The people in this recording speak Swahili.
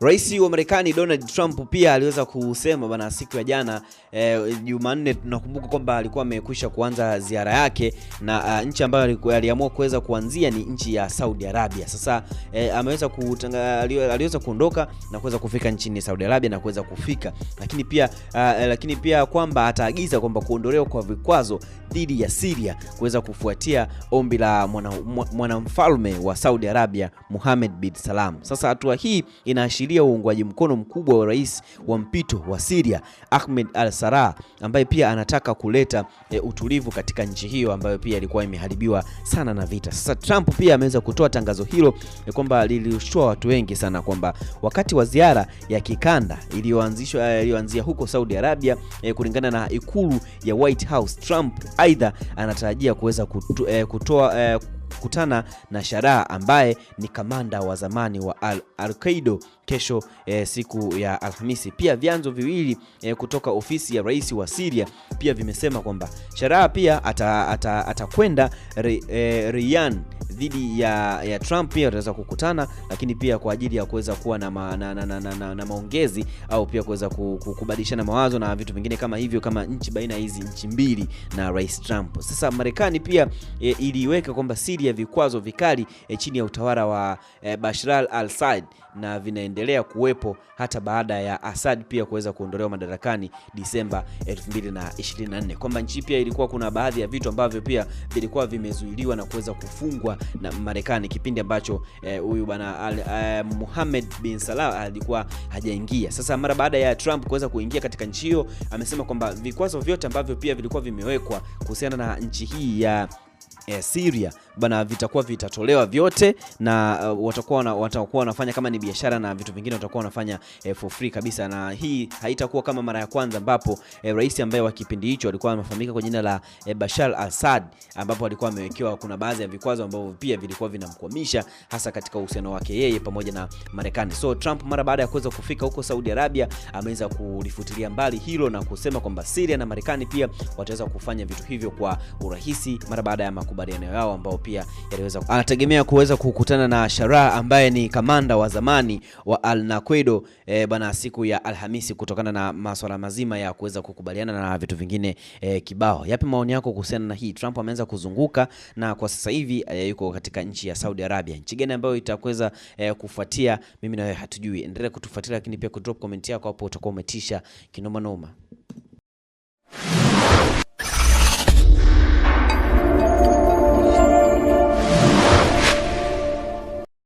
Rais wa Marekani Donald Trump pia aliweza kusema bana siku ya jana eh, Jumanne, tunakumbuka kwamba alikuwa amekwisha kuanza ziara yake na a, eh, nchi ambayo aliamua kuweza kuanzia ni nchi ya Saudi Arabia. Sasa e, ameweza kutanga, aliweza kuondoka na kuweza kufika nchini Saudi Arabia na kuweza kufika, lakini pia a, lakini pia kwamba ataagiza kwamba kuondolewa kwa vikwazo dhidi ya Syria kuweza kufuatia ombi la mwanamfalme mwana wa Saudi Arabia Mohammed bin Salam. Sasa hatua hii inaashiria kuashiria uungwaji mkono mkubwa wa rais wa mpito wa Syria Ahmed al-Sarraj ambaye pia anataka kuleta e, utulivu katika nchi hiyo ambayo pia ilikuwa imeharibiwa sana na vita. Sasa Trump pia ameweza kutoa tangazo hilo e, kwamba lilishtua watu wengi sana kwamba wakati wa ziara ya kikanda iliyoanzishwa eh, iliyoanzia huko Saudi Arabia e, kulingana na ikulu ya White House, Trump aidha anatarajia kuweza kutoa e, kukutana na Sharaa ambaye ni kamanda wa zamani wa Al Alqaido kesho e, siku ya Alhamisi. Pia vyanzo viwili e, kutoka ofisi ya rais wa Syria pia vimesema kwamba Sharaa pia atakwenda ata, ata eh, Riyadh dhidi ya, ya Trump pia wataweza kukutana, lakini pia kwa ajili ya kuweza kuwa na, ma, na, na, na, na, na, na maongezi au pia kuweza kubadilishana mawazo na vitu vingine kama hivyo kama nchi baina ya hizi nchi mbili na Rais Trump. Sasa Marekani pia e, iliweka kwamba siri ya vikwazo vikali e, chini ya utawala wa e, Bashar al-Assad na vinaendelea kuwepo hata baada ya Assad pia kuweza kuondolewa madarakani Disemba 2024, kwamba nchi pia ilikuwa kuna baadhi ya vitu ambavyo pia vilikuwa vimezuiliwa na kuweza kufungwa na Marekani, kipindi ambacho eh, huyu eh, bwana eh, Muhammad bin Salah alikuwa hajaingia. Sasa mara baada ya Trump kuweza kuingia katika nchi hiyo, amesema kwamba vikwazo vyote ambavyo pia vilikuwa vimewekwa kuhusiana na nchi hii ya eh, Syria bana vitakuwa vitatolewa vyote na uh, watakuwa na, watakuwa wanafanya kama ni biashara na vitu vingine watakuwa wanafanya eh, for free kabisa, na hii haitakuwa kama mara ya kwanza ambapo eh, rais ambaye wa kipindi hicho alikuwa anafahamika kwa jina la eh, Bashar al-Assad ambapo alikuwa amewekewa kuna baadhi ya vikwazo ambavyo pia vilikuwa vinamkwamisha hasa katika uhusiano wake yeye pamoja na Marekani. So Trump mara baada ya kuweza kufika huko Saudi Arabia ameweza kulifutilia mbali hilo na kusema kwamba Syria na Marekani pia wataweza kufanya vitu hivyo kwa urahisi mara baada ya makubaliano yao ambao pia yaliweza anategemea kuweza kukutana na Sharaa ambaye ni kamanda wa zamani wa Al nakwedo e, bana siku ya Alhamisi kutokana na masuala mazima ya kuweza kukubaliana na vitu vingine e, kibao. Yapi maoni yako kuhusiana na hii? Trump ameanza kuzunguka na kwa sasa hivi e, yuko katika nchi ya Saudi Arabia. Nchi gani ambayo itakuweza e, kufuatia, mimi na wewe hatujui. Endelea kutufuatilia, lakini pia kudrop comment yako hapo, utakuwa umetisha kinoma noma.